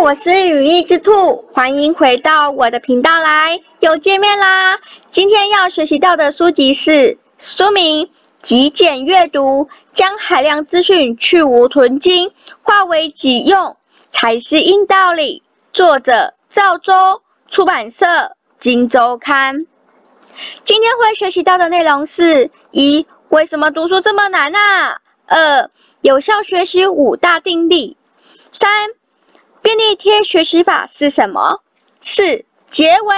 我是羽翼之兔，歡迎回到我的頻道來，又見面啦！今天要學習到的書籍是書名《極簡閱讀》，將海量資訊去蕪存菁，化為己用才是硬道理。作者：趙州，出版社，今周刊。今天會學習到的內容是：一、為什麼讀書這麼難啊？二、呃、有效學習五大定律。三、便利貼學習法是什麼？四、結尾，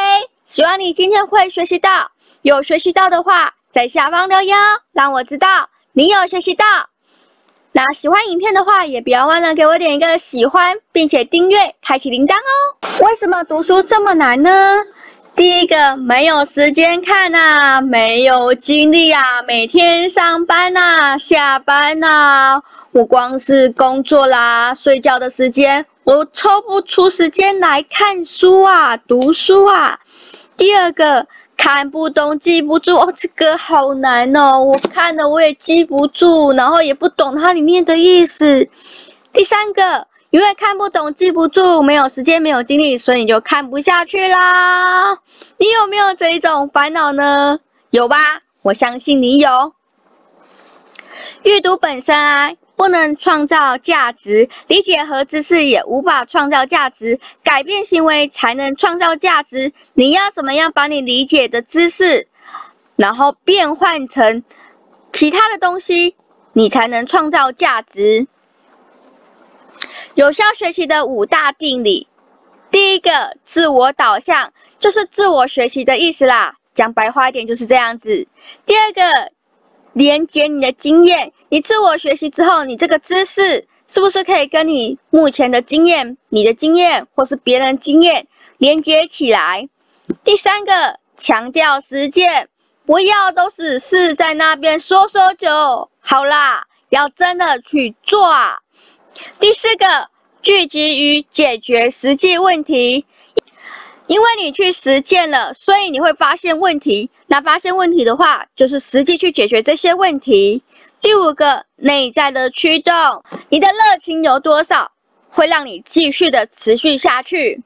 希望你今天會學習到。有學習到的話，在下方留言哦，讓我知道你有學習到。那喜歡影片的話，也不要忘了給我點一個喜歡，並且訂閱，開啟鈴鐺哦。為什麼讀書這麼難呢？第一個，沒有時間看吶、啊，沒有精力啊，每天上班吶、啊，下班吶、啊，我光是工作啦、啊，睡覺的時間。我抽不出時間來看書啊，讀書啊。第二個，看不懂，記不住。哦，這個好難哦。我看了我也記不住，然後也不懂它裡面的意思。第三個，因為看不懂，記不住，沒有時間，沒有精力，所以你就看不下去啦。你有沒有這一種煩惱呢？有吧？我相信你有。閱讀本身啊。不能創造價值，理解和知識也無法創造價值，改變行為才能創造價值。你要怎麼樣把你理解的知識，然後變換成其他的東西，你才能創造價值？有效學習的五大定理，第一個，自我導向，就是自我學習的意思啦，講白話一點就是這樣子。第二個。連接你的經驗，你自我學習之後，你這個知識是不是可以跟你目前的經驗、你的經驗或是別人經驗連接起來？第三個，強調實踐，不要都只是在那邊說說就好啦，要真的去做啊。第四個，聚集於解決實際問題。因為你去實踐了，所以你會發現問題。那發現問題的話，就是實際去解決這些問題。第五個內在的驅動，你的熱情有多少，會讓你繼續的持續下去。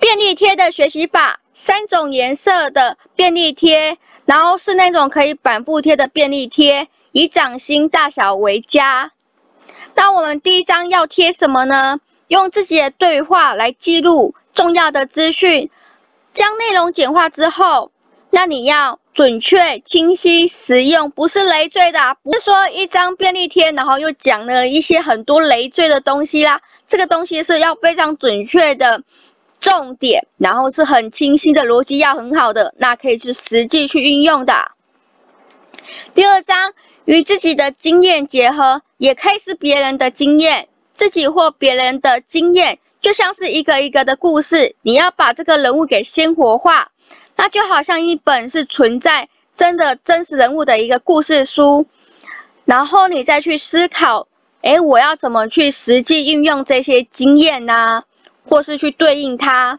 便利貼的學習法，三種顏色的便利貼，然後是那種可以反覆貼的便利貼，以掌心大小為佳。那我們第一張要貼什麼呢？用自己的對話來記錄。重要的資訊，將內容簡化之後，那你要準確、清晰、實用，不是累贅的。不是說一張便利貼，然後又講了一些很多累贅的東西啦。這個東西是要非常準確的重點，然後是很清晰的邏輯，要很好的，那可以去實際去運用的。第二章與自己的經驗結合，也可以是別人的經驗，自己或別人的經驗。就像是一個一個的故事，你要把這個人物給鮮活化，那就好像一本是存在真的真實人物的一個故事書，然後你再去思考，哎、欸，我要怎麼去實際運用這些經驗呢、啊？或是去對應它。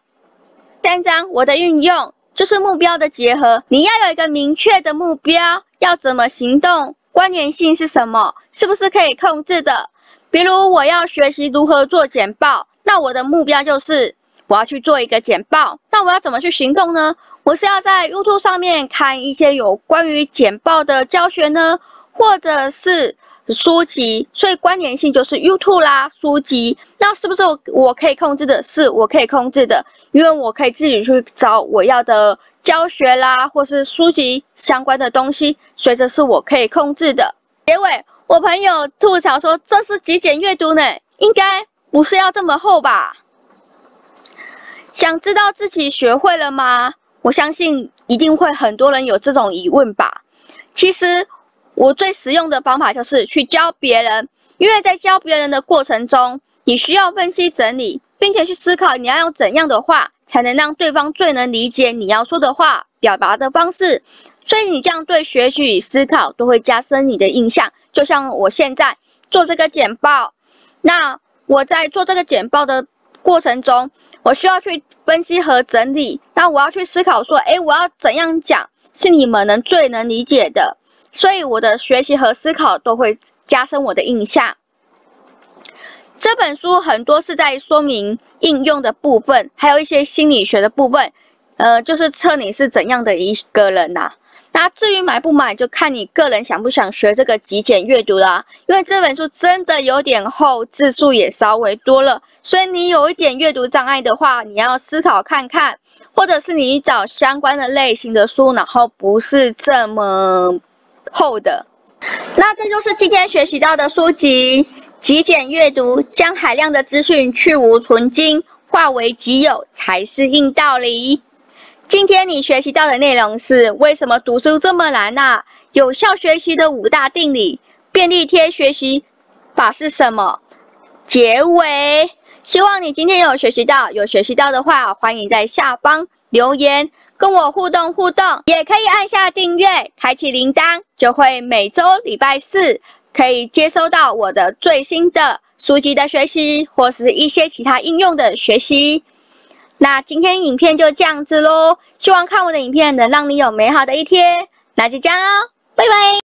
三章，我的運用就是目標的結合，你要有一個明確的目標，要怎麼行動，關聯性是什麼，是不是可以控制的？比如我要學習如何做簡報。那我的目標就是，我要去做一個簡報。那我要怎麼去行動呢？我是要在 YouTube 上面看一些有關於簡報的教學呢，或者是書籍。所以關聯性就是 YouTube 啦，書籍。那是不是我，我可以控制的？是，我可以控制的，因為我可以自己去找我要的教學啦，或是書籍相關的東西。所以這是我可以控制的。結尾，我朋友吐槽說這是極簡閱讀呢，應該。不是要這麼厚吧？想知道自己學會了嗎？我相信一定會很多人有這種疑問吧。其實我最實用的方法就是去教別人，因為在教別人的過程中，你需要分析整理，並且去思考你要用怎樣的話才能讓對方最能理解你要說的話表達的方式。所以你這樣對學習與思考都會加深你的印象。就像我現在做這個簡報，那。我在做這個簡報的過程中，我需要去分析和整理。那我要去思考說，哎，我要怎樣講是你們能最能理解的？所以我的學習和思考都會加深我的印象。這本書很多是在說明應用的部分，還有一些心理學的部分，呃，就是測你是怎樣的一個人吶、啊。那至於買不買，就看你個人想不想學這個極簡閱讀啦。因為這本書真的有點厚，字數也稍微多了，所以你有一點閱讀障礙的話，你要思考看看，或者是你找相關的類型的書，然後不是這麼厚的。那這就是今天學習到的書籍《極簡閱讀》，將海量的資訊去蕪存菁，化為己有才是硬道理。今天你學習到的內容是為什麼讀書這麼難啊？有效學習的五大定理，便利貼學習法是什麼？結尾，希望你今天有學習到，有學習到的話，歡迎在下方留言跟我互動互動，也可以按下訂閱，開啟鈴鐺，就會每周禮拜四可以接收到我的最新的書籍的學習，或是一些其他應用的學習。那今天影片就這樣子嘍，希望看我的影片能讓你有美好的一天，那就這樣哦，拜拜。